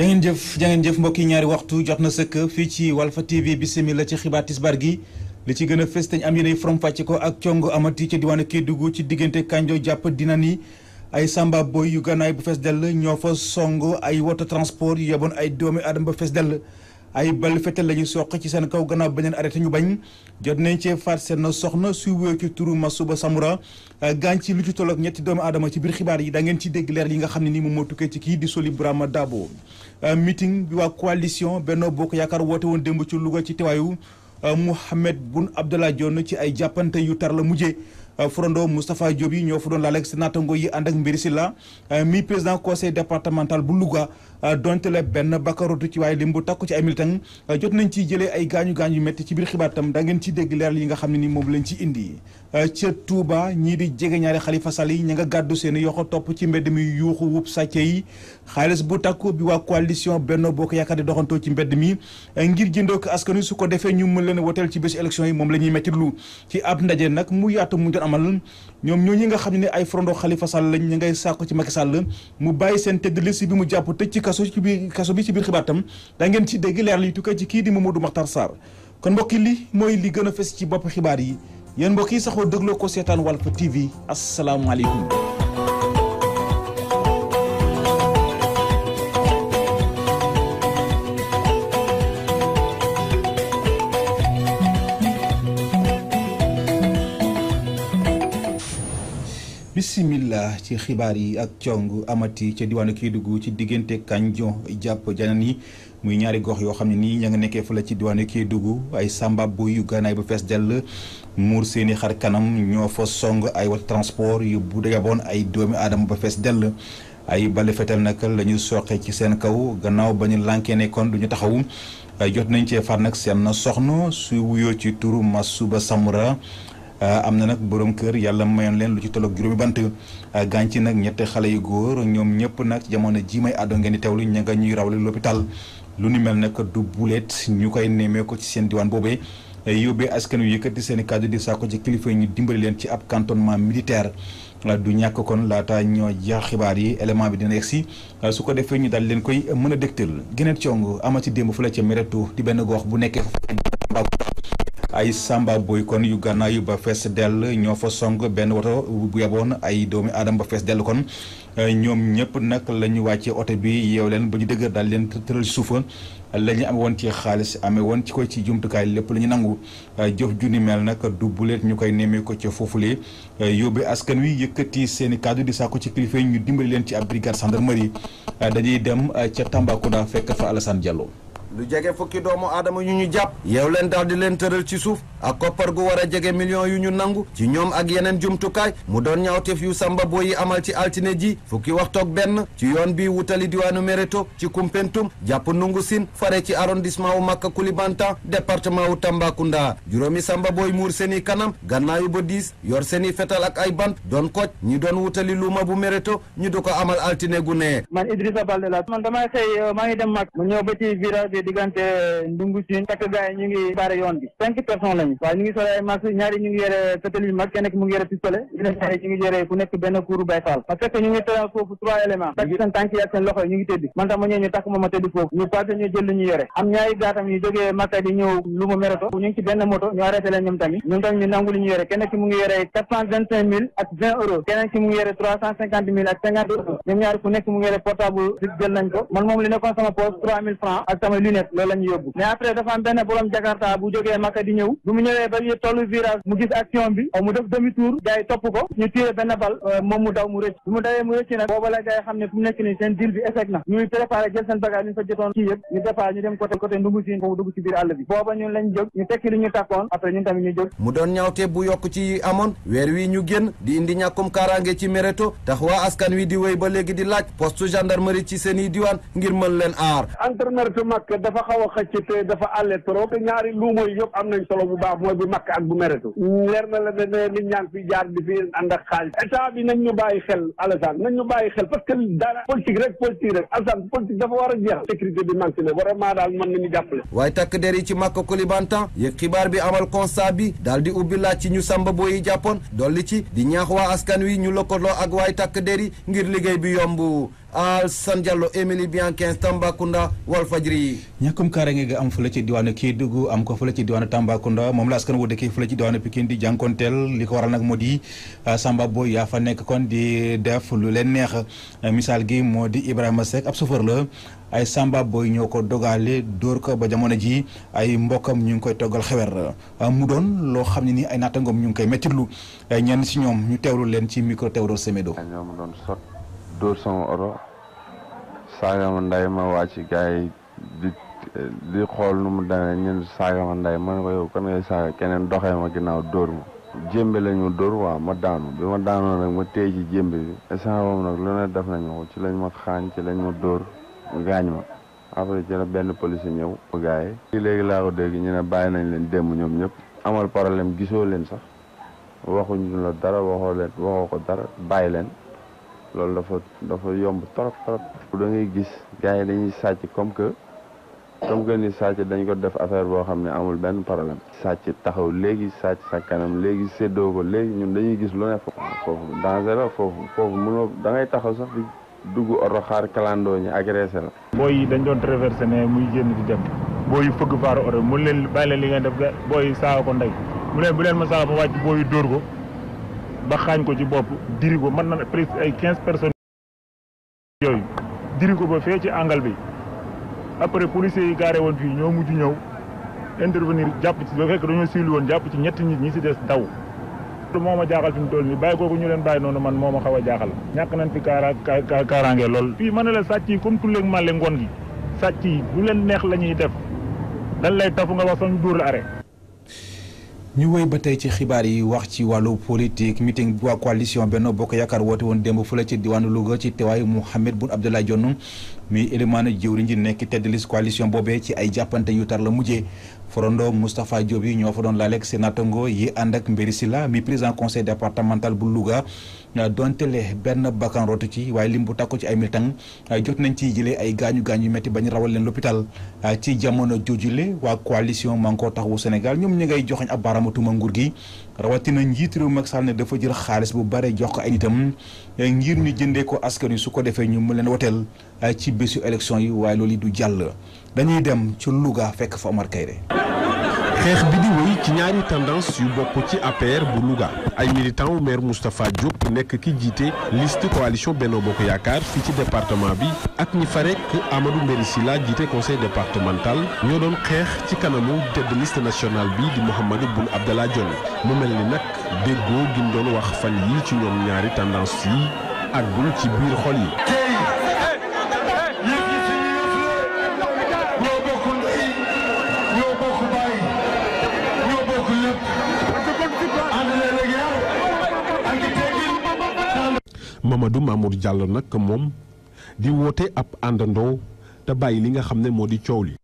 ja jëf ja jëf mbokki ñaari waxtu jot na sëkk fii ci Walfa TV bisimila ci xibaar tisbaar gi li ci gën a fës dañ am yéenay forom fàcce ko ak congo amati ca diwaanu Kédougou ci diggante kanjoo jàpp dina ni ay samba boy yu gannaay bu fes dell ñoo fa song ay woto transport yu yeboon ay doomi aadama ba fees dell ay bal fetal la ñu soq ci seen kaw gannaaw beneen arrêté ñu bañ jot nañ cee faat seen soxna su wéyoo ci turu Masuba Samura gaañ ci lu ci tolloog ñetti doomu aadama ci biir xibaar yi da ngeen ci dégg leer yi nga xam ne ni moom moo tukkee ci kii di Soli Brahma Dabo euh, meeting bi waa coalition Benno Bokk Yaakaar woote woon démb ci Louga ci teewaayu euh, Mouhamed Boun Abdallah Dionne ci ay jàppante yu tar la mujjee euh, Forondo Moustapha Diop yi ñoo fa doon laaleeg sa naatango yi ànd ak Mbiri Silla mi président conseil départemental bu Louga Euh, donte la benn bakkarotu ci waaye lim bu takku ci ay militant euh, jot nañ ci jëlee ay gaañu gaañ yu métti ci biir xibaar tam da ngeen ci dégg leeral yi nga xam ne ni moom lañ ci indi euh, ca Touba ñii di jege ñaari Xalifa Sall yi ña nga gàddu seen i yoxo topp ci mbedd mi yuuxu wub sàcce yi xaalis bu takku bi waa coalition benn Bokk Yaakaar di doxantoo ci mbedd mi ngir jëndoo ko askan wi su ko defee ñu mën leen woteel ci bés élection yi moom la ñuy métti lu ci ab nag mu yaatu mu doon amal ñoom ñoo ñi nga xam ne ay frondo xalifa Sall lañ ñu ngay sàkku ci Macky Sall mu bàyyi seen tête de liste bi mu jàpp tëj ci kaso ci biir kaso bi ci biir xibaar tam da ci dégg leer li tukkee ci kii di Mamadou Makhtar Sarr kon mbokki li mooy li gën a fes ci bopp xibaar yi yéen mbokk yi saxoo dégloo ko seetaan Walf TV asalaamaaleykum Kolda ci xibaar yi ak cong amati ca diwaanu Kédougou ci diggante Kanjon jàpp janan yi muy ñaari gox yoo xam ne nii ña ngi nekkee fu la ci diwaanu Kédougou ay samba yu gànnaay bu fees dell muur seeni xar kanam ñoo fa song ay wat transport yu bu dajaboon ay doomi aadama ba fees dell ay bale fetal nag la ñu soqe ci seen kaw gannaaw ba ñu lànkee nekkoon du ñu taxaw jot nañ ci far nag seen soxna su wuyoo ci turu Masuba Samra Euh, am na nag boroom kër yàlla mayoon leen lu ci tolloog juróomi bant euh, gaañ ci nag ñette xale yu góor ñoom ñëpp nag jamono ji may àddoo ngeen di teewlu ña nga ñuy rawle l'hôpital lu ni mel nag du buleet ñu koy nemmee ko ci seen diwaan boobee euh, yóbbee askan wi yëkkati seen i kàddu di saako ci kilifa yi ñu dimbali leen ci ab cantonnement militaire du ñàkk kon laata ñoo jeex xibaar yi élément bi dina yegsi su ko defee ñu daal leen koy mën a dégtal Guinée Thiong amati démb fu la ca Mereto di benn gox bu nekkee ay samba booy kon yu gànnaaw yu ba fees dell ñoo fa song benn woto bu yeboon ay doomi aadama ba fees dell kon euh, ñoom ñëpp nag la ñu wàccee oto bi yeew leen ba ñu dëgër daal leen tëral suufa la ñu amee woon ci xaalis amee woon ci koy ci jumtukaay lépp la ñu nangu euh, jëf ju ni mel nag du buleet ñu koy nemmee ko ca foofulee euh, yóbbee askan wi yëkkati seen i kàddu di sàkku ci kilifa yi ñu dimbali leen ci ab brigade gendarmerie dañuy dem ca Tambacounda fekk fa Alassane Diallo. lu jege fukki doomu aadama yu ñu jàpp yeew leen daal di leen tëral ci suuf ak koppar gu war a jege millions yu ñu nangu ci ñoom ak yeneen jumtukaay mu doon ñaawteef yu Samba Boy yi amal ci altine ji fukki waxtoog benn ci yoon bii wutali diwaanu Mereto ci Kumpentum jàpp nungu sin fare ci arrondissement wu Makka Koulibantang département wu Tambacounda juróomi Samba Boy muur seeni i kanam gannaayu ba diis yor seeni i fetal ak ay bant doon koc ñi doon wutali luuma bu Mereto ñu du ko amal altine gu jógee diggante ndungu siin takk gars yi ñu ngi baare bi cinq personnes lañu waaw ñu ngi sole ay masque ñaari ñu ngi yore fetel yu mag ki mu ngi yore pistolet ñeneen ñaari ñu ngi yore bay faal parce que ñu ngi tëral foofu trois éléments takk seen tànk yi loxo yi ñu ngi tëdd man tam ma ñëw ñu ma ma tëdd foofu ñu passé jël lu ñu am ñaari gaatam yu jógee Maka di ñëw lu ma mérato ñu ngi ci benn moto ñu arrêté leen ñoom tamit nangu lu ñu yore kenn ki minutes loolu la ñu yóbbu mais après dafa am benn borom Jakarta bu jógee Maka di ñëw bu mu ñëwee ba tollu virage mu gis action bi mu def demi tour topp ko ñu tiré benn bal euh, moom mu daw mu rëcc bu mu dawee mu rëcc nag booba la gars xam ne fu nekk nii seen deal bi échec na ñuy préparé jël seen bagage ñu fa jotoon ci yëpp ñu départ ñu dem côté côté ndungu siin foofu dugg ci biir àll bi booba ñun lañ jóg ñu tekki li ñu tàkkoon après ñun tamit ñu jóg mu i diwaan ngir mën leen aar dafa xaw a te dafa àlle trop te ñaari luuma yi yëpp am nañ solo bu baax mooy bu makk ak bu meretu leer na la ne nit ñaa fi jaar di fi ànd ak xaalis nañ ñu bàyyi xel Alassane nañ ñu bàyyi xel parce que dara politique rek politique rek Alassane politique dafa war a jeex sécurité bi manqué na vraiment daal man mën nañu jàppale waaye tàkk der yi ci màkk Koulibantang yëg xibaar bi amal constat bi daal di ubbi laaj ci ñu sàmba boo yi jàppoon dolli ci di ñaax waa askan wi ñu lëkkaloo ak waay takk yi ngir liggéey bi yomb Alassane Diallo Émilie Bianquin Tambacounda Walfadjri yi ñàkkum kaaraange nga am fële ci diwaanu Kédougou am ko fële ci diwaanu Tambacounda moom la askan wu dëkkee fële ci diwaanu Pikine di jànkonteel li ko waral nag moo di Samba Boy yaa fa nekk kon di def lu leen neex misaal gi moo di Ibrahima Seck ab chauffeur la ay Samba Boy ñoo ko dogaale dóor ko ba jamono ji ay mbokkam ñu ngi koy toggal xewer mu doon loo xam ne ni ay naatangoom ñu ngi koy mettitlu ñenn si ñoom ñu teewlu leen ci micro Théodore Semedo dóor sama oto saaga ma nday ma wàcc gars di xool nu mu demee ñun saaga ma nday ma ne ko yow kan ngay saaga keneen doxee ma ginnaaw dóor ma jémbe la ñu dóor waa ma daanu bi ma daanoo nag ma téye ci jémbe bi instant boobu nag lu ne def nañu ci lañ ma xaañ ci lañ ma dóor gaañ ma après ci la benn police ñëw gars yi ci léegi laa ko dégg ñu ne bàyyi nañ leen démb ñoom ñëpp amal problème gisoo leen sax waxuñu la dara waxoo leen waxoo ko dara bàyyi leen loolu dafa dafa yomb trop trop. da ngay gis gars yi dañuy sàcc comme que comme que ni sàcc dañ ko def affaire boo xam ne amul benn problème. sàcc taxaw léegi sàcc sa kanam léegi séddoo ko léegi ñun dañuy gis lu ne foofu danger la foofu foofu da ngay taxaw sax di dugg oto xaar kalandoo ñi agressé la. booy yi dañ doon traversé ne muy génn di dem booy yu fëgg faaru oto mu leen bàyyi leen li ngay def booy yi saawa ko ndey mu leen bu leen ma saawa ba wàcc booy yu dóor ko. ba xaañ ko ci bopp diri ko mën na presque ay quinze personnes yooyu diri ko ba fee ci angal bi après policiers yi gaare woon fii ñoo mujj ñëw intervenir jàpp ci ba fekk dañoo siilu woon jàpp ci ñett nit ñi si des daw moom moo jaaxal fi mu toll nii bàyyi kooku ñu leen bàyyi noonu man moo ma xaw a jaaxal ñàkk nañ fi kaara kaaraange lool fii mën na la sàcc yi comme tulleeg màlle ngoon gi sàcc yi bu leen neex la ñuy def dañ lay tafu nga wax sax ñu dóor la are ñu wéy ba tey ci xibaar yi wax ci wàllu politique meeting bu waa coalition Benno Bokk Yaakaar woote woon démb fële ci diwaanu luga ci teewaayu waay Boun Abdallah Dionne mi élimaana jëwriñ ji nekk tête de liste coalition boobee ci ay jàppante yu tar la mujjee forandoo Moustapha Diop yi ñoo fa doon laaleeg seen natango yi ànd ak Mbéri Sylla mi président conseil départemental bu Louga donte le benn bakkan rootu ci waaye lim bu tàkku ci ay militant ah, jot nañ ci jëlee ay gaañu gaañu yu métti ba ñu rawal leen l'hôpital ah, ci jamono joojule waa coalition Manko wu Sénégal ñoom ñi ngay joxeñ ab baaramatuma nguur gi rawatina njiit réew Macky Sall ne dafa jël xaalis bu bare jox ko ay nitam eh, ngir ñu jëndee ko askan wi su ko defee ñu mu leen woteel ah, ci bésu élection yi waaye loolu yi du jàll dañuy dem ci luga fekk fa Omar Kayre xeex bi di wéy ci ñaari tendance yu bokk ci APR bu Louga ay militant wu maire Moustapha Diop nekk ki jiite liste coalition Benno Bokk Yaakaar fii ci département bi ak ñi fa rek Amadou Mbéri Sylla jiite conseil départemental ñoo doon xeex ci kanamu tête liste nationale bi di Mouhamadou Boun Abdallah Dionne mu mel ni nag déggoo gi doon wax fan yi ci ñoom ñaari tendance yi àggul ci biir xol yi. ma Amadou Mamour Diallo nag moom di woote ab àndandoo te bàyyi li nga xam ne moo di coow li.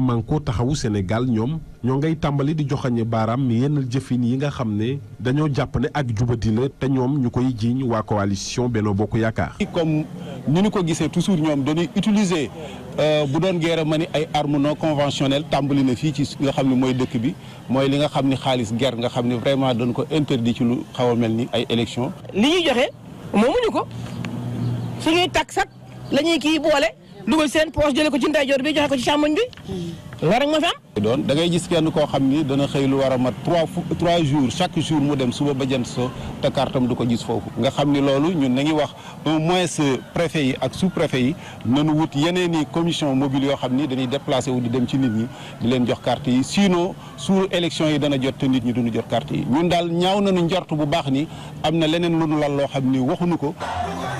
Manko taxawu Sénégal ñoom ñoo ngay tàmbali di joxañe baaraam yenn jëfin yi nga xam ne dañoo jàpp ne ak jubadi la te ñoom ñu koy jiiñ waa coalition Benno Bokk Yaakaar. comme ni ñu ko gisee toujours ñoom dañuy utiliser euh, bu doon guerre ma ni ay armes non tàmbali na fii ci nga xam ni mooy dëkk bi mooy li nga xam ne xaalis guerre nga xam ne vraiment dañ ko interdit ci lu xaw a mel ni ay élections. li ñuy joxe moomuñu ko suñuy taksak lañuy kii boole. dugal seen poche jëlee ko ci ndeyjoor bi joxe ko ci càmmoñ bi hmm. loolu rek moo fi doon da ngay gis kenn koo xam ni dana xëy lu war a mat trois trois jours chaque jour mu dem suba ba jant soo te kartam du ko gis foofu nga xam ni loolu ñun nañu wax au moins préfet yi ak sous préfet yi nañu wut yeneen i commission mobile yoo xam ni dañuy déplacé wu di dem ci nit ñi di leen jox carte yi sinon suur élection yi dana jot te nit ñi duñu jot carte yi ñun daal ñaaw nañu njort bu baax ni am na leneen lu nu lal loo xam ni waxuñu ko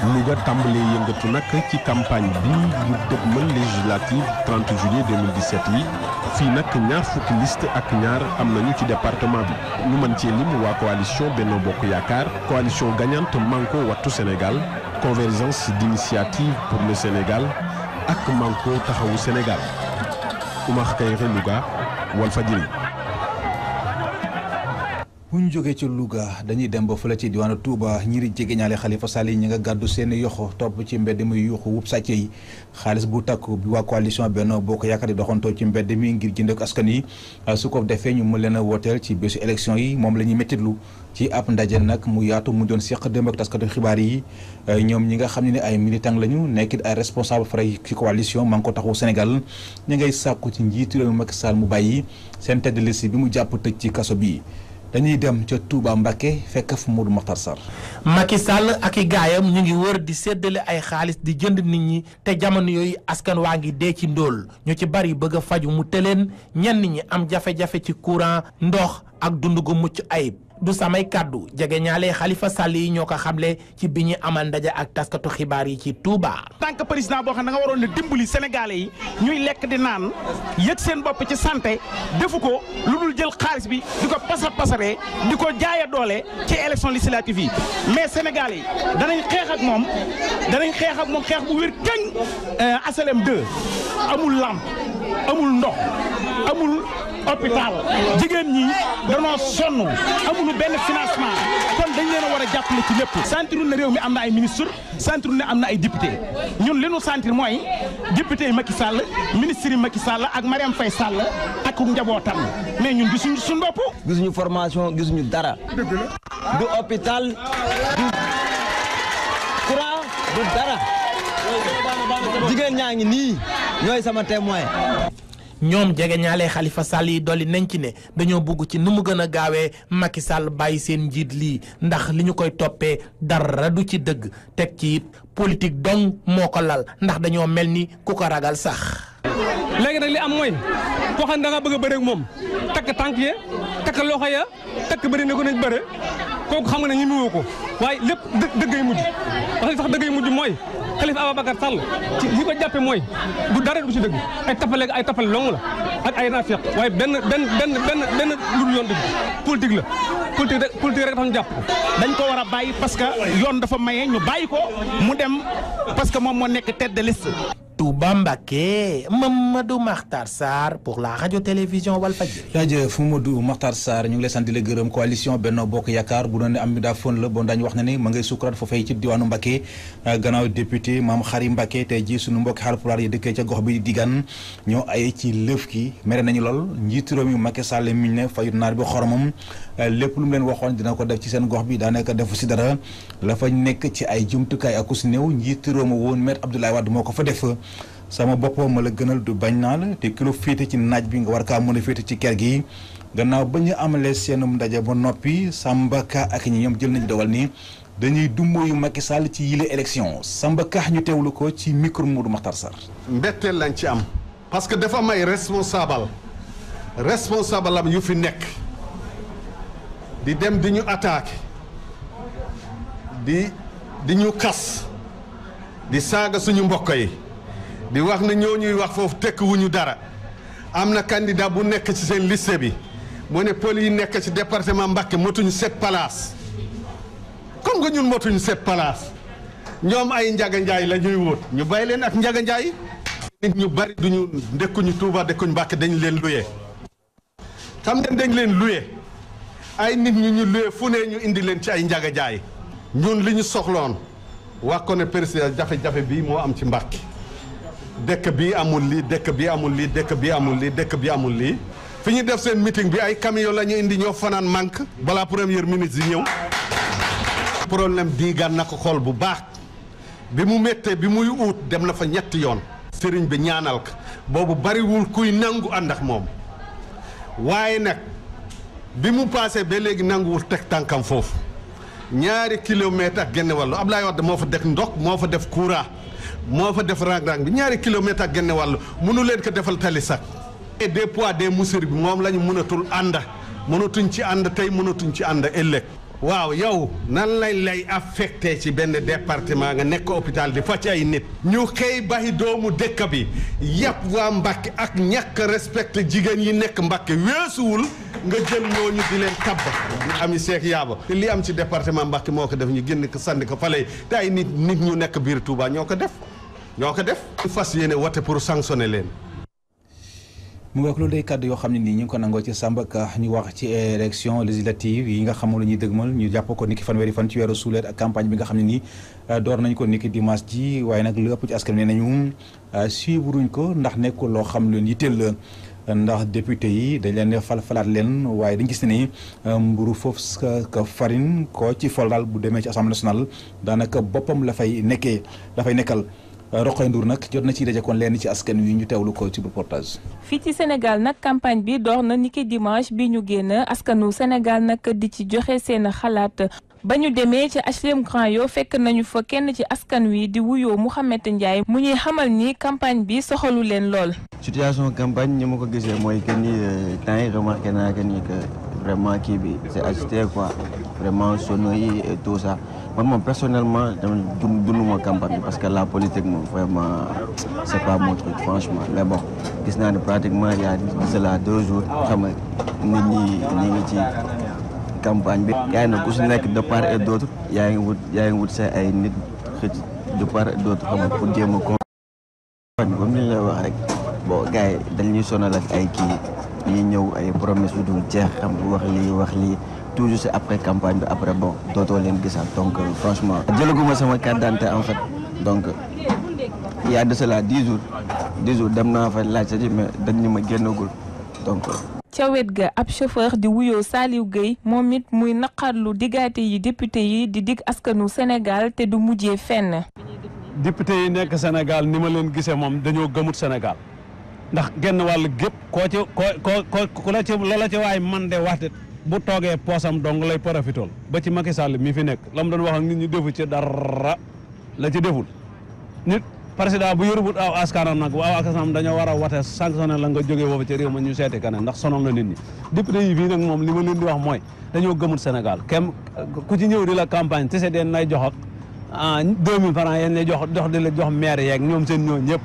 Louga tàmbalee yëngatu nag ci campagne bi ngir dëgmal législative 30 juillet yi fii nag ak ñaar fukki liste ak ñaar am nañu ci département bi ñu mën cee lim waa coalition Benno Bokk Yaakaar coalition gagnante Manko Wattu Sénégal convergence d'initiative pour le Sénégal ak Manko Taxawu Sénégal Oumar Kayre Louga Walfadjri bu ñu jógee ci Louga dañuy dem ba fële ci diwaanu Touba ñiri jegeñaale Xalifa Sall yi ñi nga gàddu seen yoxo topp ci mbedd mi yuuxu wub sàcc yi xaalis bu takku bi waa coalition Benno Bokk Yaakaar yi doxantoo ci mbedd mi ngir jënd ak askan yi ah, su ko defee ñu mën leen a wooteel ci bésu élection yi moom la ñuy méttitlu ci ab ndaje nag mu yaatu mu doon seq démb ak taskatu xibaar yi ah, ñoom ñi nga xam ne ay militant lañu nekkit ay responsable fray ci coalition ma ngi ko taxu Sénégal ñi ngay sàkku ci njiitu réew Macky Sall mu bàyyi seen tête de liste bi mu jàpp tëj ci kaso bi dañuy dem ca Touba Mbacké fekk fu Modou Makhtar Sarr. Macky Sall ak i gaayam ñu ngi wër di séddale ay xaalis di jënd nit ñi te jamono yooyu askan waa ngi dee ci ndóol ñu ci bari bëgg a faju mu tëleen ñenn ñi am jafe-jafe ci courant ndox ak dund gu mucc ayib. du samay kàddu jege ñaale Khalifa Sall yi ñoo ko xamle ci bi ñu amal ndaje ak taskatu xibaar yi ci Touba. tant que président boo xam ne da nga waroon ne dimbali sénégalais yi ñuy lekk di naan yëg seen bopp ci santé defu ko lu dul jël xaalis bi di ko pasar pasaree di ko jaaya doole ci élection législative yi mais sénégalais yi danañ xeex ak moom danañ xeex ak moom xeex bu wér kañ. Euh, aslem 2 amul lamp amul ndox. amul hôpital jigéen ñi danoo sonn amul benn financement kon dañ leen a war a jàppale ci lépp santirul ne réew mi am na ay ministre sentirul ne am na ay député ñun li ñu santir mooy député yi sàll Sall ministre yi Macky Sall ak Mariam Faye Sall ak njabootam mais ñun gisuñu suñu bopp gisuñu formation gisuñu dara du hôpital du courant du dara jigéen ñaa ngi nii ñooy sama témoin ñoom jege ñaale Khalifa Sall yi dolli nañ ci ne dañoo bugg ci nu mu gën a gaawee Macky sàll bàyyi seen njiit lii ndax li ñu koy toppee dara du ci dëgg teg ci it politique dong moo ko lal ndax dañoo mel ni ku ko ragal sax. léegi nag li am mooy koo xam ne da bëgg a bëreeg moom takk tànk ya takk loxo ya takk bëri na ko nañ bëre kooku xam nga ne ñu mu woo ko waaye lépp dë dëggay mujj wax sax dëggay mujj mooy. Khalifa Ababacar Sall ci li ko jàppe mooy du dara du ci dëgg ay tappale ay tappale long la ak ay naafeq waaye benn benn benn benn benn yoon dëgg politique la politique politique rek dafa ñu jàpp dañ ko war a bàyyi parce que yoon dafa maye ñu bàyyi ko mu dem parce que moom moo nekk tête de liste Touba Mbacké Mamadou Makhtar Sarr pour la radio-télévision Walfadjri. jaajëf Mamadou Makhtar Sarr ñu ngi lay sant di la gërëm coalition Benno Bokk Yaakaar bu doon ne am midaafoon la bon daañu wax ne ne ma ngay sukuraat foofee ci diwaanu Mbacké ah, gannaaw député Mame Khary Mbacké tey jii suñu mbokki Haalpulaar yi dëkkee ca gox bi di Diegane ñoo ay ci lëf ki mere nañu lool njiitu réew mi Macky Sall miñ ne fayut naar bi xoromam lépp lu mu leen waxoon dina ko def ci seen gox bi daanaka defu si dara la fa nekk ci ay jumtukaay ak us néew njiitu réew ma woon Maître Abdoulaye Wade moo ko fa def sama bopp ma la gënal du bañ naa la te kilo féete ci naaj bi nga war kaa mën a féete ci ker gi gannaaw ba ñu amalee seen ndaje ba noppi Samba Ka ak ñi ñoom jël nañu dogal ni dañuy dumooyu Macky Sall ci yile élection Samba Ka ñu teew lu ko ci micro Moudou Makhtar Sarr. mbetteel lañ ci am. parce di dem di ñu attaqué di di ñu xas di saaga suñu mbokk yi di wax na ñoo ñuy wax foofu tekk wu ñu dara am na candidat bu nekk ci seen liste bi mu ne pël yi nekk ci département Mbacké motuñu sept palaas comme que ñun motuñu sept palaas ñoom ay njaga njaay la ñuy wóot ñu bay leen ak njaga njaay nit ñu bari duñu ndekkuñu Touba dekkuñu Mbacké dañ leen luyee xam ngeen dañ leen luye ay nit ñu ñu lee fu ne ñu indi leen ci ay njaga jaay ñun li ñu soxloon wax ko ne président jafe-jafe bi moo am ci Mbàkke dëkk bii amul lii dëkk bi amul lii dëkk bii amul lii dëkk bii amul lii fi ñu def seen meeting bi ay camion lañu ñu indi ñoo fanaan manque balaa premier ministre yi ñëw problème diigaan na ko xool bu baax bi mu méttee bi muy uut dem na fa ñetti yoon sëriñ bi ñaanal ko boobu bariwul kuy nangu ànd ak moom waaye nag bi mu paasee ba léegi nanguwul teg tànkam foofu ñaari kilomètre ak genn wàllu Ablaye Wade moo fa def ndox moo fa def courant moo fa def rang-rang bi ñaari kilomètre ak genn wàllu mënu leen ko defal tali sax et des pois des mesures bi moom la ñu mënatul ànd mënatuñ ci ànd tey mënatuñ ci ànd ëllëg waaw yow nan lañ lay affecté ci benn département nga nekk hôpital di faj ay nit ñu xëy baxi doomu dëkk bi yàpp waa Mbàkke ak ñàkk respecte jigéen yi nekk Mbàkke weesuwul nga jël ñooñu di leen tabb ami Seck yaaba te li am si département Mbàkke moo ko def ñu génn ko sànni ko fale te ay nit nit ñu nekk biir Touba ñoo ko def ñoo ko def fas yéene wate pour sanctionner leen mu ngoog loolu day kàddu yoo xam ne nii ñu ngi ko nangoo ci Samba Ka ñu wax ci élection législative yi nga xam la ñuy dëgmal ñu jàpp ko niki fanweeri fan ci weeru suuleet ak campagne bi nga xam ne nii euh, door nañ ko niki dimanche ji waaye nag lu ëpp ci askan ne nañu euh, suivruñ ko ndax nekkul loo xam leen yitteel la ndax député yi dañ leen fal falaat leen waaye dañ gis ne euh, mburu foofu ka farine ko ci fol bu demee ci assemblée nationale daanaka boppam la fay nekkee nekkal Roqay Ndour nag jot na ciy dajekoon lenn ci askan wi ñu tewlu ko ci reportage. fii ci Sénégal nag campagne bi door na niki dimanche bi ñu génn askanu Sénégal nag di ci joxe seen xalaat. ba ñu demee ci HLM Grand fekk nañu fa kenn ci askan wi di wuyoo Mouhamed Ndiaye mu ñuy xamal ni campagne bi soxalu leen lool. situation campagne ñi ma ko gisee mooy que ni euh, temps yi remarqué naa que ni vraiment kii bi c'est agité quoi. vraiment sono yi tout ça man moom personnellement dama dunduma campagne bi parce que la politique moom vraiment c'est pas mon truc franchement mais bon gis naa ni pratiquement il y a cela deux jours xam nga nit ñi ñi ngi ci campagne bi yaa ngi ku si nekk de part et d'autre yaa ngi wut yaa ngi wut sa ay nit xëcc de part et d'autre xam nga pour jéem a compagne comme ni la wax rek bon gars yi dañuy sonal ak ay kii ñuy ñëw ay promesse yu dul jeex xam wax lii wax lii tout juste après campagne bi après bon dootoo leen gisaat donc euh, franchement. jëlaguma sama carte d'identité en fait donc il y a de cela dem naa fa laajte ji mais dañ ma génnagul donc. Euh, ca ga ab chauffeur di wuyoo Saliou Gueye moom it muy lu digaate yi député yi di dig askanu Sénégal te du mujjee fenn. député yi nekk Sénégal ni ma leen gisee moom dañoo gëmut Sénégal ndax genn wàll gépp koo ci koo koo la ci loola ci waay man de wax bu toogee poosam dong lay profitool ba ci Macky Sall mi fi nekk la mu doon wax ak nit ñi defu ci dara la ci deful nit président bu yërëbut aw askanam nag waaw askanam dañoo war a wate sanctionné la nga jógee foofu ci réew ma ñu seeti keneen ndax sonal na nit ñi député yi fii nag moom li ma di wax mooy dañoo gëmul Sénégal kem ku ci ñëw di la campagne te see deen lay jox ak ah, deux mille francs yéen jox jox di la jox maire yeeg ñoom seen ñoo ñëpp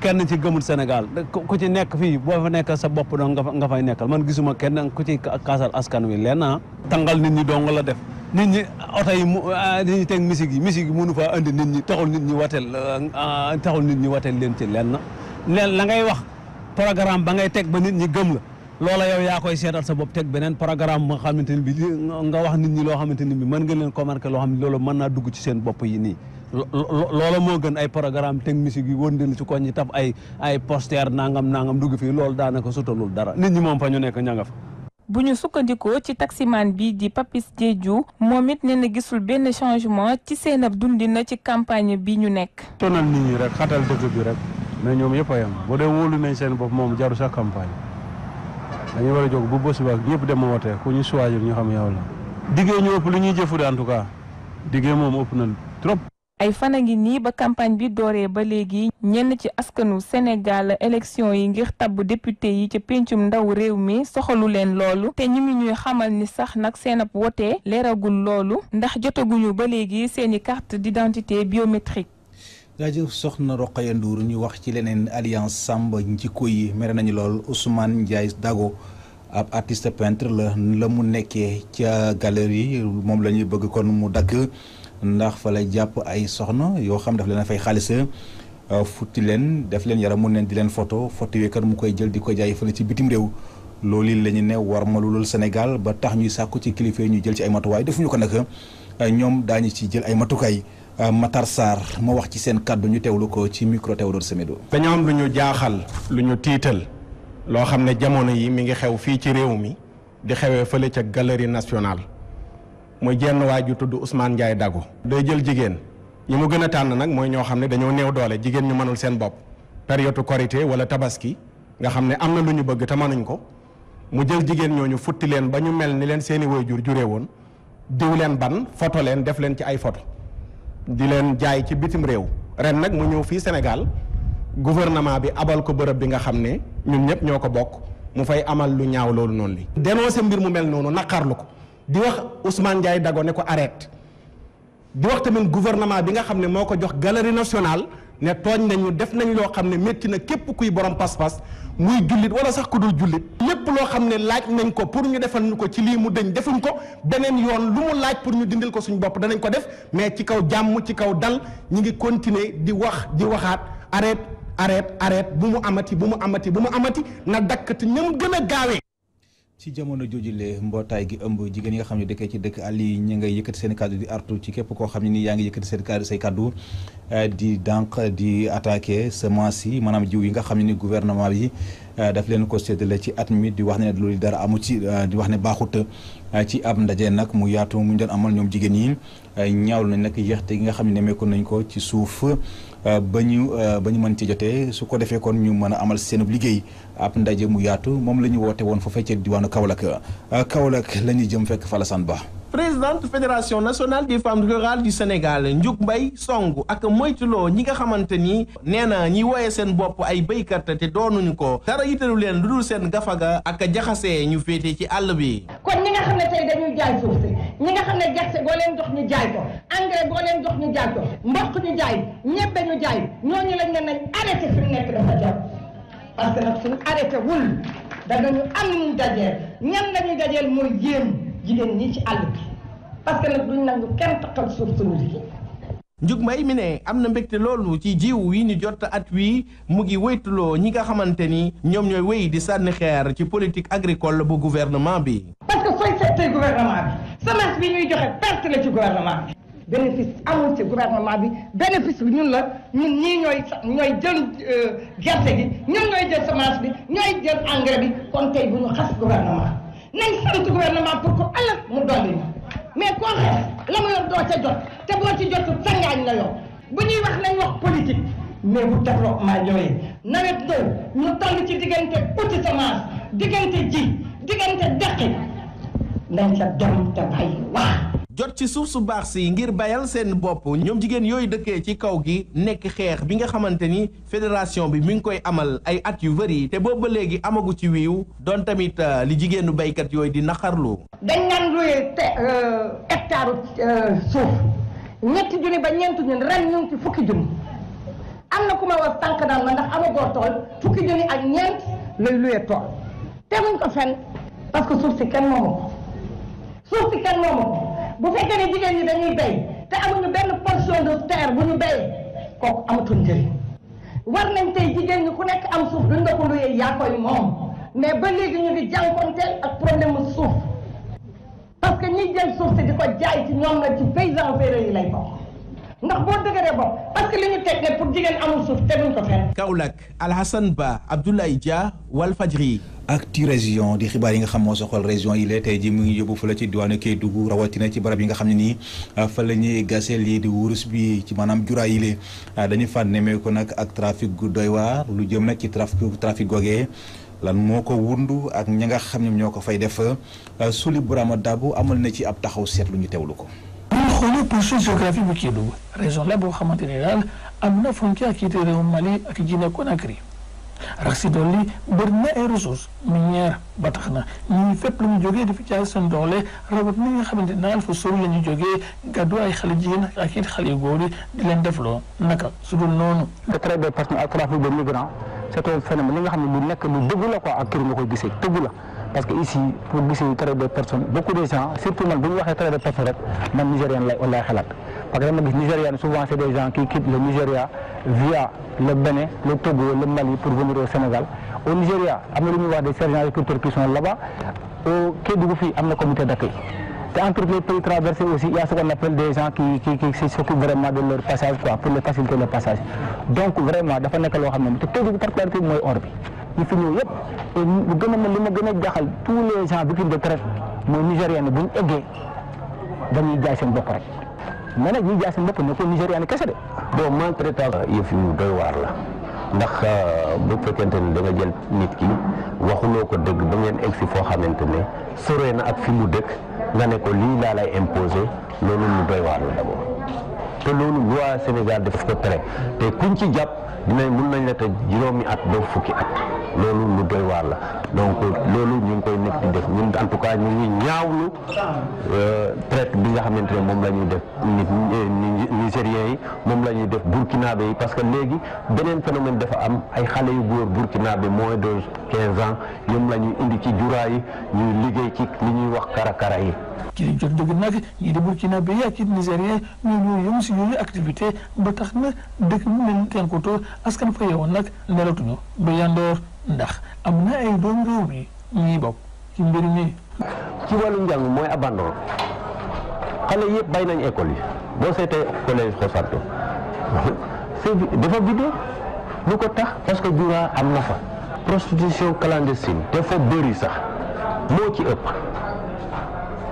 kenn ci gëmul Sénégal ku ci nekk fii boo fa nekk sa bopp dong nga fay nekkal man gisuma kenn ku ci kaasal askan wi lenn ah tàngal nit ñi dong la def nit ñi oto yi mu ah, teg misig yi misig yi mënu faa andi nit ñi taxul nit ñi wateel ah, ah, taxul nit ñi wateel leen ci lenn leen la ngay wax programme ba ngay teg ba nit ñi gëm la loola yow yaa koy seetal sa bopp teg beneen programme nga xamante ni bi nga wax nit ñi loo xamante ni bi mën nga leen ko marqué loo xam ne loolu mën naa dugg ci seen bopp yi nii loola moo gën ay programme technique yi wëndeel ci koñ yi taf ay ay nangam nangam dugg fii loolu daanaka sutalul dara nit ñi moom fa ñu nekk ña nga fa. bu ñu sukkandikoo ci taximaan bi di Papis Diédhiou moom it nee na gisul benn changement ci seen ab dundina ci campagne bi ñu nekk. sonal nit ñi rek xatal dëkk bi rek mais ñoom yëpp a yem bu dee wóolu nañ seen bopp moom jaru sax campagne dañu war a jóg bu bës ba ak ñëpp dem woote ku ñu choisir ñu xam yow la. diggee ñu ay fan a ngi nii ba campagne bi dooree ba léegi ñenn ci askanu Sénégal élection yi ngir tabb député yi ca péncum ndaw réew mi soxalu leen loolu te ñu ngi ñuy xamal ni sax nag seen ab wote leeragul loolu ndax jotaguñu ba léegi seeni carte d'identité biométrique. jaajëf soxna Roqaya Ndour ñu wax ci leneen alliance Samba Njikko yi mere nañu lool Ousmane Ndiaye Dago ab artiste peintre la la mu nekkee ca galerie moom lañuy bëgg kon mu dagg. ndax fa lay jàpp ay soxna yoo xam daf leen a fay xaalis euh, futti leen def leen yaram mun leen di leen photo photo yooyu mu koy jël di ko jaay fële ci bitim réew loolu la ñu ne war ma lulul Sénégal ba tax ñuy sàkku ci kilifa yi ñu jël ci ay matuwaay defuñu ko nag euh, ñoom daañu ci jël ay matukaay euh, Matar Sarr ma wax ci seen kàddu ñu teewlu ko ci micro Théodore Semedo dañoo am lu ñu jaaxal lu ñu tiital loo xam ne jamono yi mi ngi xew fii ci réew mi di xewee fële ca galerie nationale muy jenn waay ju tudd Ousmane Ndiaye Dago day jël jigéen ñi mu gën a tànn nag mooy ñoo xam ne dañoo néew doole jigéen ñu mënul seen bopp période korité wala tabaski nga xam ne am na lu ñu bëgg te mënuñ ko mu jël jigéen ñoo ñu futti leen ba ñu mel ni leen seeni jur juree woon diw leen ban photo leen def leen ci ay photo di leen jaay ci bitim réew ren nag mu ñëw fii Sénégal gouvernement bi abal ko bërëb bi nga xam ne ñun ñëpp ñoo ko bokk mu fay amal lu ñaaw loolu noonu li dénoncé mbir mu mel noonu naqarlu ko di wax Ousmane Ndiaye Dago ne ko arrête di wax tamit gouvernement bi nga xam ne moo ko jox galerie national ne tooñ nañu def nañu loo xam ne métti na képp kuy borom pas-pas muy jullit wala sax ku dul jullit lépp loo xam ne laaj nañ ko pour ñu defal ñu ko ci lii mu dëñ defuñ ko beneen yoon lu mu laaj pour ñu dindil ko suñ bopp danañ ko def mais ci kaw jàmm ci kaw dal ñi ngi continuer di wax di waxaat arrête arrête arrête bu mu amati bu mu amati bu mu amati na dakk te ñam gën a gaawee ci jamono joojule mbootaay gi ëmb jigéen yi nga xam ne dëkkee ci dëkk àll yi ñu nga yëkkati seen kàddu di artu ci képp ko xam ni nii yaa ngi yëkkati seen kàddu eh, di dànq di attaqué semence yi maanaam jiw yi nga xam ne ni gouvernement yi eh, daf leen ko séddale ci at mi di wax ne loolu dara amu ci eh, di wax ne baaxut ci ab ndaje nag mu yaatu mu ñu doon amal ñoom jigéen yi ñaawlu nañ nag yéexte gi nga xam ne nemmeeku nañ ko ci suuf Euh, ba ñu euh, ba ñu mën ci jotee su ko defee kon ñu mën a amal seenub liggéey ab ndaje mu yaatu moom la ñu woote woon foofee ca diwaanu Kaolack euh, Kaolack la ñuy jëm fekk Falassane Ba. présidente fédération nationale des femmes rurales du Sénégal Ndiouk mbay Songu ak moytuloo ñi nga xamante ni nee na ñi wooyee seen bopp ay béykat te doonuñu ko dara yitalu leen lu dul seen gafaga ak jaxase ñu féete ci àll bi. kon ñi nga xam ne tey dañuy jaay suuf ñi nga xam ne jaxase boo leen jox ñu jaay ko engrais boo leen jox ñu jaay ko mboq ñu jaay ñebbe ñu jaay ñooñu lañ ne nañ arrêté fi nekk dafa jar parce que nag suñu arrêté wul danañu ñu dajeel jigéen ñi ci àll bi parce que nag duñ nangu kenn taxal suuf suñu ne am na mbégte loolu ci jiw yi ñu jot at wi mu ngi wéytuloo ñi nga xamante ni ñoom ñooy wéy di sànni xeer ci politique agricole bu gouvernement bi. parce que sooy seetee bi semence bi ñuy joxe perte la ci gouvernement bi. bénéfice amul ci gouvernement bi bénéfice bi ñun la ñun ñii ñooy ñooy jël euh, gerte gi ñun ñooy jël semence bi ñooy jël engrais bi kon tey bu ñu xas gouvernement. nañ sant gouvernement pour ko alal mu dolli mais koo xees la mu yor doo ca jot te a ci jotu sangaañ la yow bu ñuy wax nañ wax politique mais bu développement ñëwee nawet ñëw ñu toll ci diggante uti semence diggante ji diggante deqi nañ ca dem te bàyyi wax jot ci suuf su baax si ngir bayal seen bopp ñoom jigéen yooyu dëkkee ci kaw gi nekk xeex bi nga xamante ni fédération bi mi ngi koy amal ay at yu bëri te boobu ba léegi amagu ci wiiw doon tamit euh, li jigéenu baykat yooyu di naqarlu. dañ naan luy euh, hectare euh, suuf ñetti junni ba ñeenti junni ren ñu ci fukki junni am na ku ma wax sànq daan ma ndax amagoo tool fukki junni ak ñeent lay luyee tool teguñ ko fenn parce que suuf si kenn moomu ko suuf si kenn moomu ko. bu fekkee ne jigéen ñi dañuy bay te amuñu benn portion de terre bu ñu béyee kooku amatul njëriñ war nañ tey jigéen ñi ku nekk am suuf duñ nga ko luyee yaa koy moom mais ba léegi ñu ngi jànkonteel ak problème mu suuf parce que ñiy jël suuf si di ko jaay ci ñoom la ci paysan féeréer yi lay bokk. ndax boo dëgëree bopp parce que li ñu teg ne pour jigéen amul suuf teguñ ko fenn. Kaolack Alhassane Ba Abdoulaye Dia Walfadjri. Actu Région di xibaar yi nga xam moo soxol région yi la tey ji mu ngi yóbbu fële ci diwaanu Kédougou rawatina ci barab yi nga xam ne nii ah, fa la ñuy gasee lii di wurus bi ci maanaam jura yi le ah, dañuy fànn nemee ko nag ak trafic gu doy waar lu jëm nag ci trafic trafic googee lan moo ko wundu ak ñi nga xam ne ñoo ko fay def ah, Souli Burama Dabo amal na ci ab taxaw seetlu ñu teewlu ko. xoolee position géographique bu Kédougou région la boo xamante ne daal am na frontière ki te réew Mali ak Guinée Conakry rax si dolli bëri na ay ressources minières ba tax na ñun fépp la ñu jógee dafa jaay seen doole rawat ni nga xamante naal fa sori la ñu jógee gàddu ay xale jigéen ak it xale yu góor di leen defloo naka su dul noonu. le traite des personnes ak trafic nga ne bu nekk lu dëgg la quoi koy gisee dëgg la. parce que ici pour gisee traite de personnes beaucoup de gens surtout man bu ñu waxee traite de personnes rek man Nigérian lay lay xalaat parce que dama gis Nigérian souvent c' est des gens qui quittent le Nigéria via le Bénin le Togo le Mali pour venir au Sénégal au Nigéria am na lu ñuy wax des sergents de culture qui sont là-bas au Kédougou fii am na comité d' accueil te entre les pays traversés aussi il y a ce qu'on appelle des gens qui qui qui s'occupent vraiment de leur passage quoi pour les faciliter le passage donc vraiment dafa nekk loo xam ne te Kédougou particulièrement mooy or bi. ñi fi ñëw yëpp bu gën a ma li ma gën a jaxal tous les gens victimes de traite mooy nigérien bu ñu eggee dañuy jaay seen bopp rek mais nag ñuy jaay seen bopp nekkul nigérien kese de. bon maltraitance yëf yu doy waar la ndax euh, bu fekkente ne da nga jël nit ki waxuloo ko dëgg ba ngeen egg si foo xamante ne soree na ak fi mu dëkk nga ne ko lii laa lay imposer loolu lu doy waar la d'abord te loolu loi Sénégal daf ko tere te kuñ ci jàpp. dinañ mun nañ la tëj juróomi at ba fukki at loolu lu doy waar la donc loolu ñu ngi koy nekk di def ñun en tout cas ñu ngi ñaawlu euh, traite bi nga xamante ne moom la ñuy def nit euh, nigériens yi moom la ñuy def burkinabé yi parce que léegi beneen phénomène dafa am ay xale yu góor burkinabé moins de quinze ans ñoom la ñuy indi ci juraa yi ñuy liggéey ci li ñuy wax karakara yi ci li jot nag ñi di burkinabé yi ak ci nigériens ñoo ñoo yëm si yooyu activité ba tax na dëkk mu mel ni askan fa yeewoon nag nelatuñu ba yandoor ndax am na ay doom réew mi ñuy bokk ci mbir ci wàllu njàng mooy abandon xale yëpp bàyyi nañ école yi boo seetee collège Xosanto c'est dafa vidéo lu ko tax parce que jura am na fa prostitution clandestine dafa bëri sax moo ci ëpp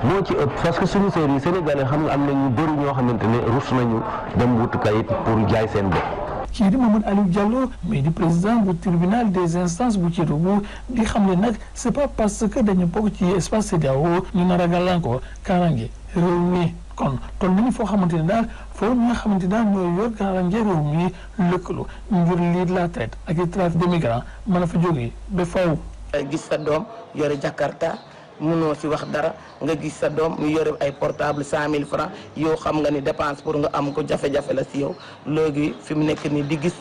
moo ci ëpp parce que suñu sœurs yi sénégalais xam nga am na ñu bëri ñoo xamante ne rus nañu dem wut kayit pour jaay seen bopp kii di Mamadou Aliou Diallo mais di président bu tribunal des instances bu Kédougou di xam ne nag c' pas parce que dañu bokk ci espace CEDEAO ñu nar a gàllankoor réew mi kon toll nañu foo xamante ne daal foofu ñi nga xamante daal ñooy yor kaaraange réew mi lëkkaloo ngir lii la traite ak i traite de migrants mën a fa jógee ba faw gis sa doom yore Jakarta. mënoo si wax dara nga gis sa doom mu yore ay portable cent mille francs yow xam nga ni dépense pour nga am ko jafe-jafe la si yow léegi fi mu nekk nii di gis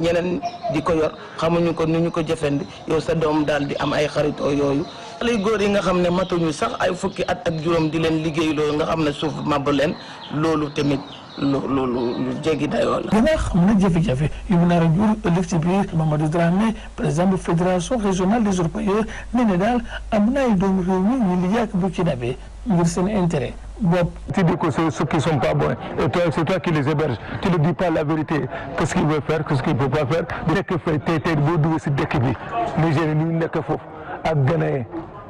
ñeneen di ko yor xamuñu ko nu ñu ko jëfandi yow sa doom daal di am ay xaritoo yooyu xale yu góor yi nga xam ne matuñu sax ay fukki at ak juróom di leen liggéey loolu nga xam ne suuf mabbu leen loolu tamit lu lu lu jéggi dayoo la. dana xam na jafe-jafe yu a jur ëllëg ci biir Mamadou Dramé président fédération régionale des orpailleurs nee na daal am na ay doomu réew mi ñu liggéey ak Burkina bi ngir seen intérêt. Bon, tu dis que ceux qui sont pas bons, et toi, c'est toi qui les héberges. Tu ne dis pas la vérité. Qu'est-ce qu'il veut faire, qu'est-ce qu'il ne pas faire. bu nekk fay tey tey boo si dëkk bi Niger ñu nekk foofu ak Ghana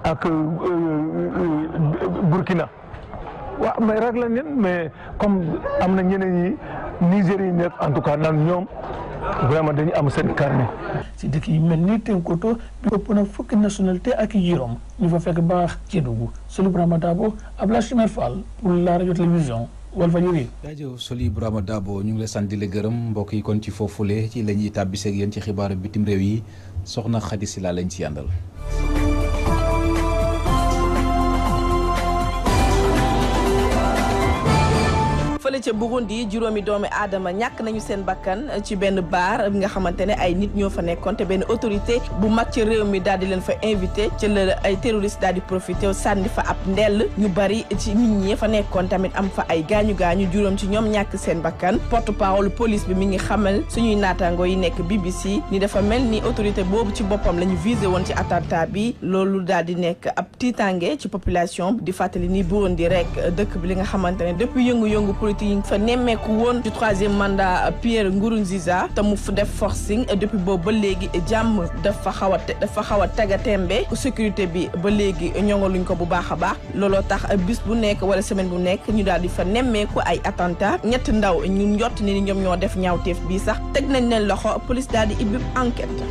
ak euh, euh, euh, Burkina. waaw mais rek la leen mais comme am na ñeneen ñi Niger nekk en tout cas naan ñoom vraiment dañu am seen carnet. si dëkk yu mel ni Tenkoto bi ëpp na fukki nationalité ak juróom ñu fa fekk baax Kédougou Soli Brahma Dabo la Chimère Fall pour la radio télévision Walfadjri. jaajëf Soli Brahma Dabo ñu ngi lay sant di la gërëm mbokk yi kon ci foofule ci la ñuy tàbbiseeg yéen ci xibaaru bitim réew yi soxna Xadi Sila lañ ci àndal. fële ca Burundi juróomi doomi aadama ñàkk nañu seen bakkan ci benn baar bi nga xamante ne ay nit ñoo fa nekkoon te benn autorité bu mag ci réew mi daal di leen fa invité ci la ay terroriste daal di profité sànni fa ab ndell ñu bari ci nit ñi fa nekkoon tamit am fa ay gaañu gaañu juróom ci ñoom ñàkk seen bakkan porte parole police bi mi ngi xamal suñuy naataango yi nekk BBC ni dafa mel ni autorité boobu ci boppam la ñu visé woon ci attentat bi loolu daal di nekk ab tiitaange ci population di fàttali ni Burundi rek dëkk bi li nga xamante ne depuis yëngu-yëngu yi nga fa nemmeeku woon ci troisième mandat Pierre Nkurunziza te mu def forcing depuis boobu ba léegi jàmm dafa xaw a dafa xaw a tagatembe sécurité bi ba léegi ñoŋaluñ ko bu baax a baax looloo tax bis bu nekk wala semaine bu nekk ñu daal di fa nemmeeku ay attentat ñett ndaw ñu njott ni ñoom ñoo def ñaawteef bii sax teg nañ leen loxo police daal di ibbi enquête.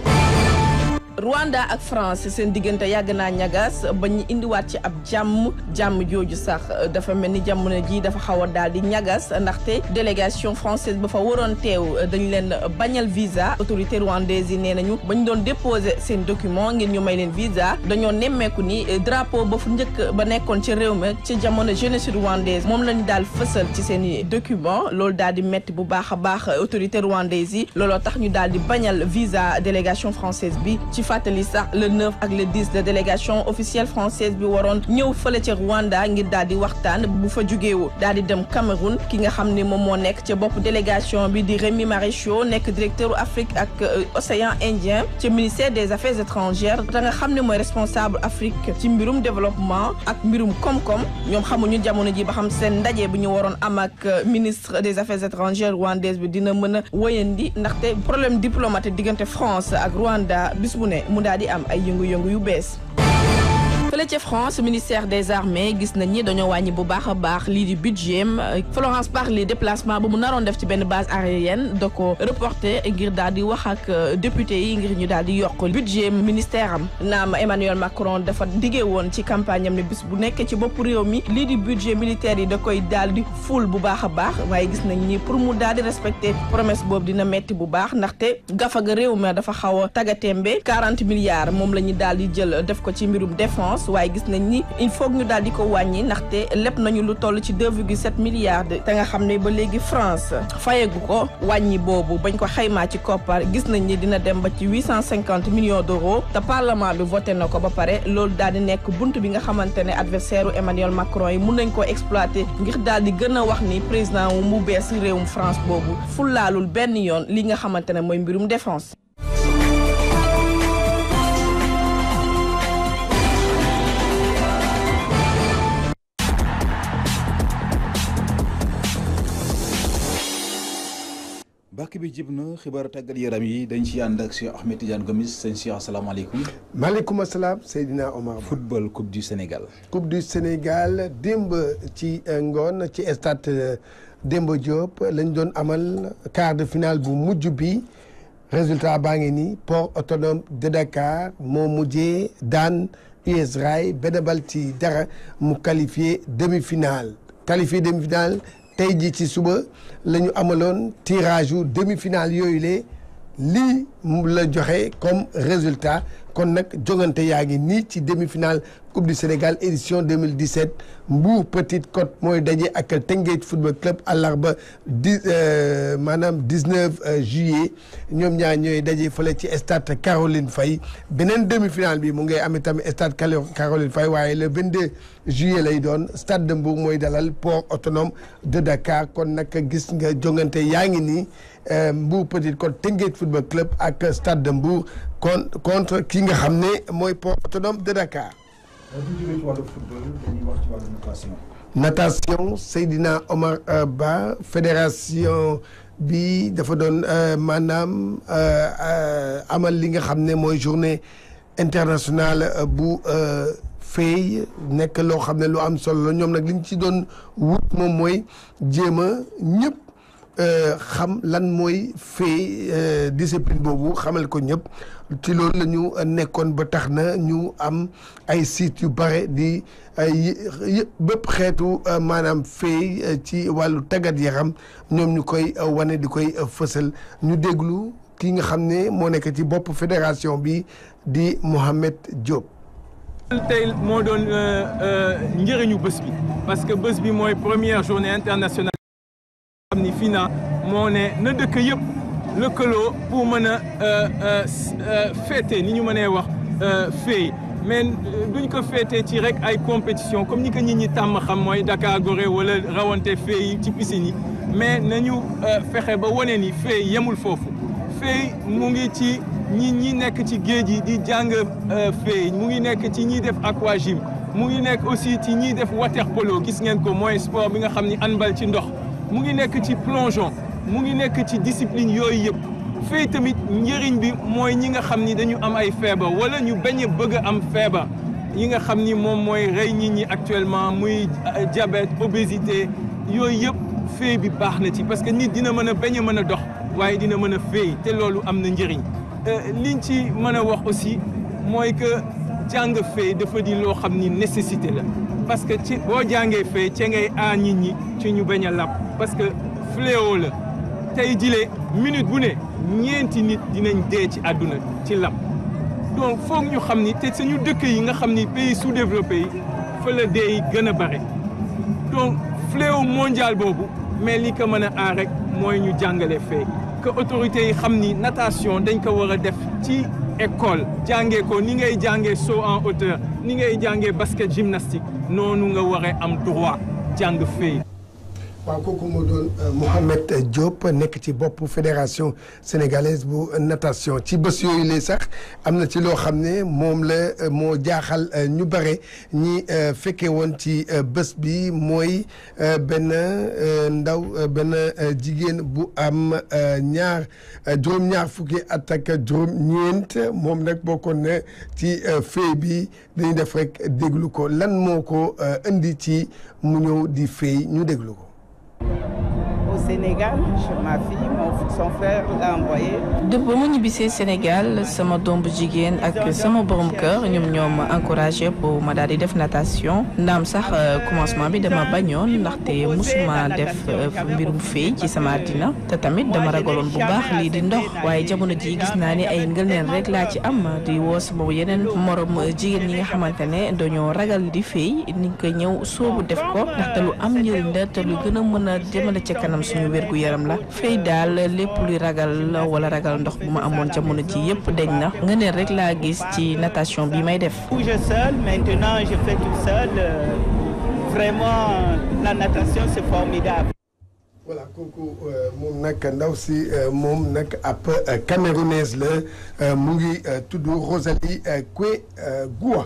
Rwanda ak France seen diggante yàgg naa ñagas ba ñu indiwaat ci ab jàmm jàmm jooju sax dafa mel ni jamono ji dafa xaw a daal di ñagas ndaxte délégation française ba fa waroon teew dañu leen bañal visa autorité rwandaise yi nee nañu ba ñu doon déposé seen document ngeen ñu may leen visa dañoo nemmeeku ni drapeau ba fu njëkk ba nekkoon ci réew mi ci jamono jeunesse rwandaise moom lañu daal fësal ci seen i document loolu daal di métti bu baax baax autorité rwandaise yi looloo tax ñu daal di bañal visa délégation française bi fàttali sax le 9 ak le 10 la délégation officielle française bi waroon ñëw fële ca Rwanda ngir daal di waxtaan bu fa jugeewoo daal di dem Cameroun ki nga xam ni moom moo nekk ca bopp délégation bi di Rémi Maréchaux nekk directeur Afrique ak euh, Océan Indien ca ministère des affaires étrangères da nga xam ne mooy responsable Afrique ci mbirum développement ak mbirum koom-koom ñoom xamuñu jamono ji ba xam seen ndaje bu ñu waroon am ak euh, ministre des affaires étrangères rwandaise bi dina mën a wëyandi ndaxte problème diplomatique diggante France ne mu daal di am ay yëngu-yëngu yu bees fële ca ministère des armées gis nañ ni dañoo wàññi bu baax a baax lii di budget euh, Florence Parly déplacement bu mu naroon def ci benn base aérienne da ko reporté ngir daal di wax ak euh, député yi ngir ñu daal di yokk budget ministère am naam Emmanuel Macron dafa diggee woon ci campagne am bis bu nekk ci bopp réew mi lii di budget militaire yi da koy daal di ful bu baax a baax waaye gis nañ ni pour mu daal di respecter promesse boobu dina metti bu baax ndaxte gafa ga réew mi dafa xaw a tagatémbe 40 milliards moom la ñu daal di jël def ko ci mbirum défense waaye gis nañ ni il faut ñu daal di ko wàññi ndaxte lépp nañu lu toll ci 2,7 milliards te nga xam ne ba léegi France fayegu ko wàññi boobu bañ ko xaymaa ci koppar gis nañ ni dina dem ba ci 850 millions d'euros te parlement bi voté na ko ba pare loolu daal di nekk bunt bi nga xamante ne adversaire u Emmanuel Macron yi mun nañ ko exploiter ngir daal di gën a wax ni président wu mu bees réewum France boobu fulaalul benn yoon li nga xamante ne mooy mbirum défense bàkk bi jib na xibaar tàggat yaram yi dañ ci ànd ak Cheikh Ahmed Tidiane Gomis sëñ Cheikh asalaamaaleykum. maaleykum asalaam Seydina Omar. football coupe du Sénégal. coupe du Sénégal démb ci euh, ngoon ci stade euh, Demba Diop lañ doon amal quart de finale bu mujj bi résultat baa ngi nii port autonome de Dakar moo mujjee daan US Rail benn bal ci dara mu qualifié demi-finale qualifié demi-finale. tey jii ci suba la ñu amaloon tirage yu demi-finale yooyu le lii la joxe comme résultat kon nag jogante yaa ngi nii ci demi-finale Coupe du Sénégal édition 2017 Mbour Petite Côte mooy daje ak Tëngéej football club àllarba dix euh, maanaam 19 euh, juillet ñoom ñaa ñooy daje fële ci stade Caroline fay beneen demi-finale bi mu ngay am itam stade Caroline Faye waaye le 22 juillet lay doon stade de mooy dalal port autonome de Dakar kon nag gis nga jogante yaa ngi nii. Euh, Mbour Petite Côte Teungueth football club ak Stade de Mbour con contre ki nga xam ne mooy Port Autonome de Dakar. Euh, natation Seydina Omar euh, Ba fédération bi dafa doon maanaam amal li nga xam ne mooy journée internationale bu. fey nekk loo xam ne lu am solo la ñoom nag liñ ci doon wut moom mooy jéem a ñëpp Euh, xam lan mooy fee euh, discipline boobu xamal ko ñëpp ci loolu la ñu nekkoon ba tax na ñu am ay sites yu bare di ay bépp xeetu euh, maanaam fee ci wàllu tàggat yaram ñoom ñu koy wane di koy fësal ñu déglu ki nga xam ne moo nekk ci bopp fédération bi di Mohamed Diop. tey moo doon njëriñu bés bi parce que bés bi mooy première journée internationale. xam ni moo ne na dëkk yëpp lëkkaloo pour mën a euh, euh, euh, féete ni ñu mënee wax féey mais duñ ko féetee ci rek ay compétition comme ni ko nit ñi tàmm xam mooy Dakar Gorée wala rawante féey yi ci piscine yi mais nañu fexe ba wane ni féey yemul foofu féey mu ngi ci ñi ñi nekk ci géej yi di jàng féey mu ngi nekk ci ñiy def aquagym mu ngi nekk aussi ci ñiy def water polo gis ngeen ko mooy sport bi nga xam ni handball ci ndox mu ngi nekk ci plongeon mu ngi nekk ci discipline yooyu yëpp fii tamit njëriñ bi mooy ñi nga xam ni dañu am ay feebar wala ñu bañ a bëgg a am feebar yi nga xam ni moom mooy rey nit ñi actuellement muy euh, diabète obésité yooyu yëpp fee bi baax na ci parce que nit dina mën a bañ a mën a dox waaye dina mën a fey te loolu am na njëriñ euh, liñ ci mën a wax aussi mooy que jàng fee dafa di loo xam ni nécessité la parce que ci boo jàngee fee ci ngay aar nit ñi ci ñu bañ a lab parce que fléau la tey jilee minute bu ne ñeenti nit dinañ dee ci àdduna ci lab donc foog ñu xam ni te suñu dëkk yi nga xam ni pays sous-développé yi fa la dee yi gën a bare donc fléau mondial boobu mais li ko mën a aar rek mooy ñu jàngale fee que autorités yi xam ni natation dañ ko war a def ci école jàngee ko ni ngay jàngee saut en hauteur ni ngay jàngee basket gymnastique noonu nga waree am droit jàng fay waaw kooku moo doon euh, Mouhamed Diop nekk ci bopp fédération sénégalaise bu natation ci bës yooyu lee sax am na ci loo xam ne moom la euh, moo jaaxal euh, ñu bare ñi fekke woon ci bës bi mooy benn ndaw benn jigéen bu am ñaar juróom-ñaar fukki at juróom-ñeent moom nag bokkoon na ci fee bi dañuy def rekk déglu ko lan moo ko indi ci mu ñëw di fay ñu déglu ko. Thank you. Sénégal ma ñibbisee Sénégal sama doom bu jigéen ak sama borom kër ñoom ñoom encouragé pour ma daal di def natation ndaam sax euh, commencement bi dama bañoon ndaxte musuma def euh, mbirum fii ci sama na te tamit dama ragaloon bu baax lii di ndox waaye jamono ji gis naa ni ay ngëneel rek laa ci am di woo sama yeneen morom euh, jigéen ñi nga xamante ne dañoo ragal di fii ni ko ñëw soobu def ko ndaxte lu am njëriñ la te lu gën a mën a ca kanam suñu wérgu yaram la fay daal lépp luy ragal wala ragal ndox bu ma amoon ca jamono ci yëpp deñ na nga ne rek laa gis ci natation bi may def. Euh, la natation c'est formidable. kooku euh, ndaw si euh, moom nag la mu ngi tudd Rosalie Kwe Goua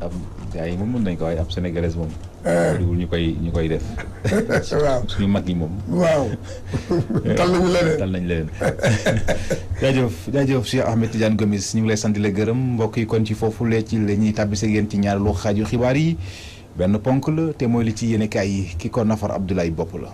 am gars yi moom nañ ko waaye ab sénégalaise moom. du ñu koy ñu koy def. waaw suñu mag yi moom. waaw. tal nañu leen tal nañu leneen. jaajëf jaajëf Cheikh Ahmed Tidiane Gomis ñu ngi lay sant di gërëm mbokk yi kon ci foofu lee ci la ñuy tàbbisee yéen ci ñaareelu xaaju xibaar yi benn ponk la te mooy li ci yéenekaay yi ki ko nafar Abdoulaye Bopp la.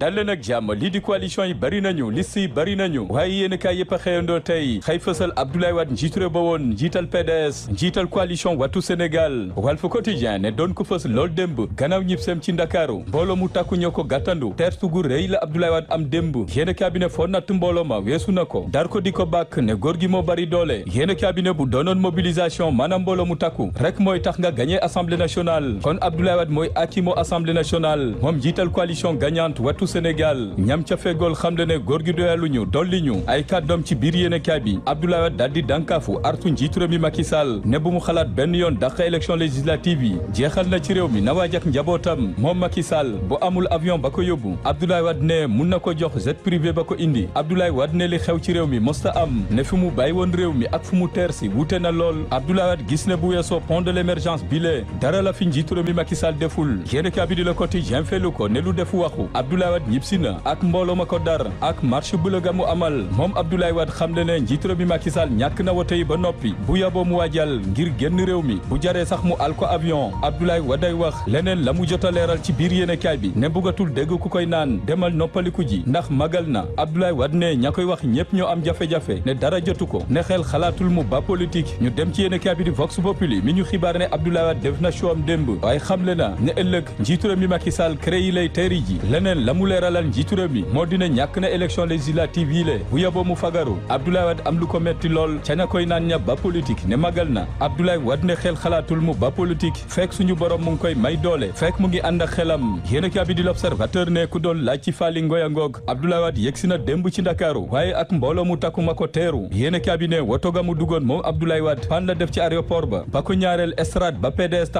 dal leen ak jàmm lii di coalition yi bari nañu liste yi bari nañu waaye yéen kaay yëpp a xëyandoo tey xëy fësal Abdoulaye Wade njiitu réew ba woon njiital PDS njiital coalition Wattu Sénégal fa Quotidien ne doon ko fës lool démb gannaaw ñibseem ci Ndakaaru mbooloo mu takku ñoo ko gàttandu teertu gu rëy la Abdoulaye Wade am démb yéen kaay bi ne foo natt mbooloo ma weesu na ko dar ko di ko bàkk ne góor gi moo bari doole yéen kaay bi ne bu doonoon mobilisation maanaam mbooloo mu takku rek mooy tax nga gagné assemblée nationale kon Abdoulaye Wade mooy ati moo assemblée nationale moom njiital coalition gagnante Wattu Sénégal ñam ca fegool xam le ne góor gi doyalu ñu dolli ñu ay kaddoom ci biir yéenekaay bi Abdoulaye Wade daal di dànkaafu artu njiitu réew mi Macky Sall ne bu mu xalaat benn yoon dàqa élection législative yi jeexal na ci réew mi na waaj ak njabootam moom Macky Sall bu amul avion ba ko yóbbu Abdoulaye Wade ne mun na ko jox jet privé ba ko indi Abdoulaye Wade ne li xew ci réew mi mosta am ne fi mu bàyyi woon réew mi ak fu mu teer si wute na lool Abdoulaye Wade gis ne bu weesoo pont de l'émergence bi lee dara la fi njiitu réew mi Macky deful yéenekaay bi di Le Quotidien felu ko ne lu defu waxu Wade ñibbisi na ak mbooloo ma dar ak marche bu la gamu amal moom Abdoulaye Wade xamle ne njiitu réew mi Macky Sall ñàkk na wote yi ba noppi bu yaboo mu waajal ngir génn réew mi bu jaree sax mu al ko avion Abdoulaye Wade ay wax leneen la mu jot leeral ci biir yéenekaay bi ne bëggatul dégg ku koy naan demal noppaliku ji ndax magal na Abdoulaye Wade ne ña koy wax ñëpp ñoo am jafe ne dara jotu ko ne xel xalaatul mu ba politique ñu dem ci yenn yéenekaay bi di Vox Populi mi ñu xibaar ne Abdoulaye Wade def na show am démb waaye xamle na ne ëllëg njiitu mi Macky Sall créé yi lay teeri ji leneen la mu leeralal njiitu réew mi moo dina ñàkk na élection législative yi lée bu yeboo mu fagaru Abdoulaye am lu ko metti lool ca ña koy naan ña ba politique ne magal na Abdoulaye ne xel xalaatul mu ba politique fekk suñu borom mu ngi koy may doole fekk mu ngi ànd ak xelam yéena kaabi di l'observateur ne ku doon laaj ci faali ngoog Abdoulaye Wade na démb ci Ndakaaru waaye ak mbooloo mu takku ko teeru yéena kaabi ne woto ga mu dugoon moom Abdoulaye Wade pan la def ba ba ko ñaareel estrade ba PDS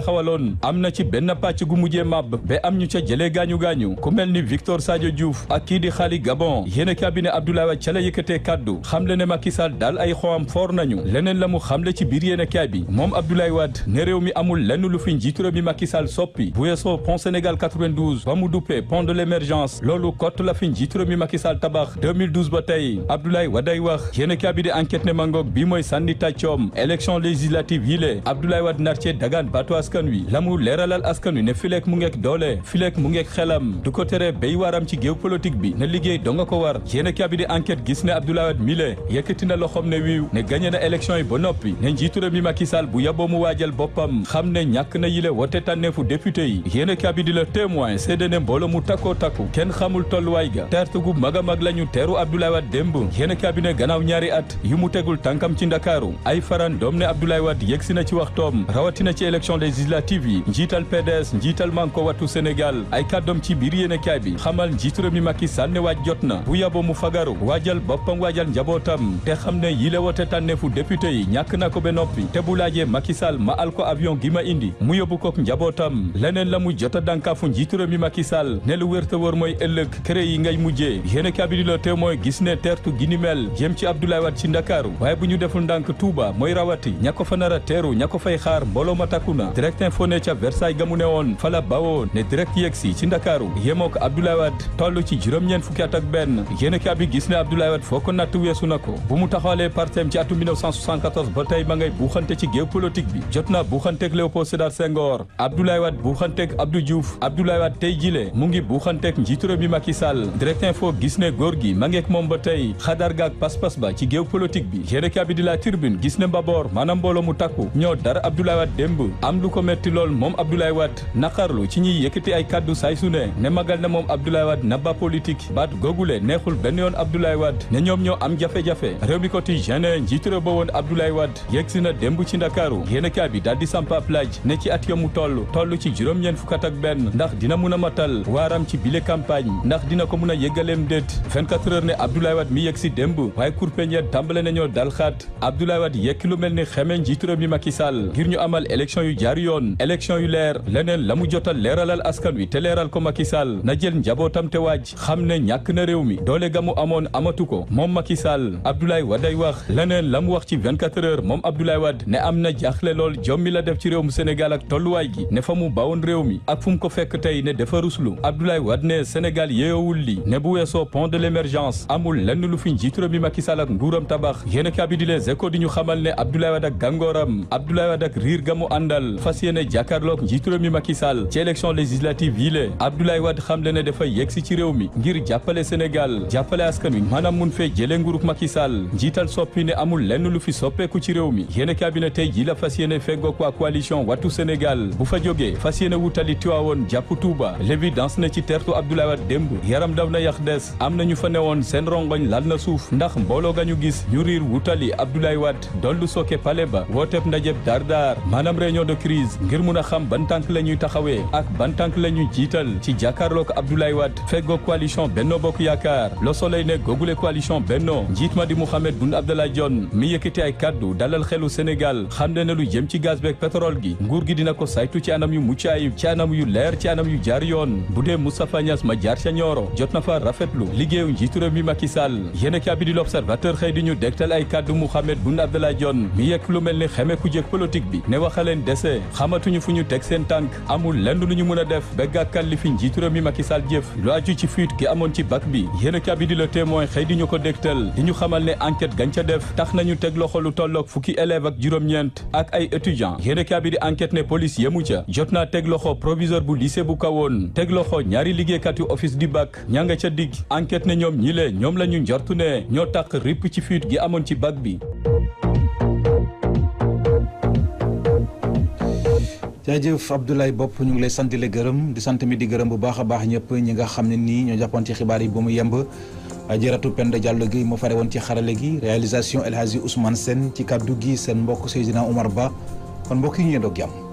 na ci benn pàcc gu mujjee màbb ba am ñu ca jëlee Senghor Sadio Diouf ak kii di Xali Gabon yéen a cabinet Abdoulaye ca la yëkkatee kàddu xamle ne Macky Sall daal ay xowam foor nañu leneen la mu xamle ci biir yéen bi moom Abdoulaye Wade ne réew mi amul lenn lu fi njiitu réew mi Macky Sall soppi bu yeesoo pont Sénégal 92 ba mu duppee pont de l'émergence loolu kott la fi njiitu mi Macky tabax ba tey Abdoulaye Wade ay wax yéen di enquête ne mangoog bi mooy sànni tàccoom élection yi lée Abdoulaye waaram ci géew politique bi ne liggéey donga ko war yéene kaa bi di enquête gis ne Abdoulaye Wade mile yëkkati na loxoom ne wiiw ne gañe na élection na yile wote tànneefu député yi yéene kaa bi di la témoin seede ne mu takkoo takku kenn xamul tolluwaay ga teertu gu mag a mag la ñu teeru Abdoulaye Wade démb yéene kaa bi ne gannaaw ñaari at yu mu tegul tànkam ci ndakaaru ay farandoom ne Abdoulaye Wade yëgsi na ci waxtoom rawatina ci élection législative yi njiital PDS njiital Manko Wattu Sénégal ay kàddoom ci biir yéene kaa bi xam xamal njiitu réew mi Macky ne waaj jot na bu yabo mu fagaru waajal boppam waajal njabootam te xam ne yile wote tànneefu député yi ñàkk na ko ba noppi te bu laajee Macky Sall ma al ko avion gi ma indi mu yóbbu kook njabootam leneen la mu jot a dànkaafu njiitu réew mi Macky Sall ne lu wér te wër mooy ëllëg kere yi ngay mujjee yéene kabidi la te mooy gis ne teertu gi ni mel jëm ci Abdoulaye Wade ci Ndakaaru waaye bu ñu deful ndànk Touba mooy rawati ña ko fa nar a teeru ña ko fay xaar mbooloo ma takku na direct info ne ca Versailles gamu ne woon fala bawoo ne direct yegsi ci Ndakaaru Wade toll ci juróom-ñeent fukki at ak benn yéenekaay bi gis ne Abdoulaye Wade foo ko natt weesu na ko bu mu taxawalee partem ci atum 1974 ba tey ma ngay buuxante ci géew politique bi jot naa buuxanteeg Léopold Sédar Senghor Abdoulaye Wade buuxanteeg Abdou Diouf tey jile mu ngi buuxanteeg njiitu réew mi Macky Sall gis ne góor gi ma ngeek moom ba tey xadar gaag pas-pas ba ci géew politique bi yéenekaay bi di la Tribune gis ne mbaboor maanaam mbooloo mu takku ñoo dara Abdoulaye Wade démb am lu ko metti lool moom na moom Abdoulaye Wade nabba politique baat googule neexul benn yoon Abdoulaye Wade ne ñoom ñoo am jafe-jafe réew mi quotidien ne njiitu réew ba woon Abdoulaye Wade ndax dina mun a matal waaram ci bile campagne ndax dina ko mun a yëgaleem déet 24 ne Abdoulaye Wade mi yegsi démb waaye Cour pénale nañoo dal xaat Abdoulaye Wade mel ni xeme njiitu mi Macky ngir ñu amal élection yu jaar yoon élection yu leer leneen la mu jotal leeralal askan wi te leeral ko Macky na jël njab njabootam te waaj xam ne ñàkk na réew mi doole ga mu amoon amatu ko moom Macky Sall Abdoulaye Waday wax leneen la mu wax ci 24 heures moom Abdoulaye Wade ne am na jaaxle lool jommi la def ci réew mu Sénégal ak tolluwaay gi ne fa mu bawoon réew mi ak fu mu ko fekk tey ne dafa ruslu Abdoulaye ne Sénégal yeewul li ne bu weesoo pont de l'émergence amul lenn lu fi njiitu réew mi Macky Sall ak nguuram tabax yéen a bi di ñu xamal ne Abdoulaye Wade ak gàngooram Abdoulaye Wade ak yegsi ci réew mi ngir jàppale Sénégal jàppale askan wi maanaam mun fee jëlee nguurug Macky Sall njiital soppi ne amul lenn lu fi soppeeku ci réew mi yéen cabinet tey ji la fas yéene feggoog waa coalition wattu Sénégal bu fa jógee fas yéene wutali Tiwaawoon jàpp Touba l'évidence ne ci tertu Abdoulaye Wade démb yaram daw na yax des am na ñu fa newoon seen rongoñ lal na suuf ndax mbooloo ga ñu gis ñu riir wutali Abdoulaye Wade dollu soke pale ba wooteeb ndajeb daardaar maanaam réunion de crise a xam ban tànk la ñuy taxawee ak ban tànk Wade feggoog coalition Benno Bokk Yaakaar Le Soleil ne googule coalition Benno njiit di Mouhamed Boun Abdallah Dionne mi yëkkati ay kaddu dalal xelu Sénégal xam ne ne lu jëm ci gaz beeg pétrole gi nguur gi dina ko saytu ci anam yu mucc ayib ci anam yu leer ci anam yu jaar yoon bu dee Moustapha Niass ma jaar ca Nioro jot na fa rafetlu liggéeyu njiitu réew mi Macky Sall yéena kaabi di l'Observateur xëy di ñu dégtal ay kaddu Mouhamed Boun Abdallah Dionne mi yekk lu mel ni bi ne waxaleen fu ñu teg seen tànk amul lu ñu mën a def ba gàkkal li fi njiitu lu aju ci fiit gi amoon ci bac bi yéen a bi di la témoin xëy di ñu ko dégtal di ñu xamal ne enquête gañ ca def tax nañu teg loxo lu tollook fukki élève ak juróom-ñeent ak ay étudiant yéen a di enquête ne police yemu ca jot naa teg loxo proviseur bu lycée bu kawoon teg loxo ñaari liggéeykatu office di bac ña nga ca digg enquête ne ñoom ñi ñoom la ñu njortu ne ñoo taq ripp ci fuite gi amoon ci bag bi jaajëf Abdoulaye Bopp ñu ngi lay sant di gërëm di sant di gërëm bu baax a baax ñëpp ñi nga xam ne nii ñoo jàppoon ci xibaar yi ba mu yemb jëratu Penda Diallo gi mu fare woon ci xarale gi réalisation El Hadji Ousmane seen ci kaddu gi seen mbokk Seydina Omar Ba kon mbokk yi ñu doog jàmm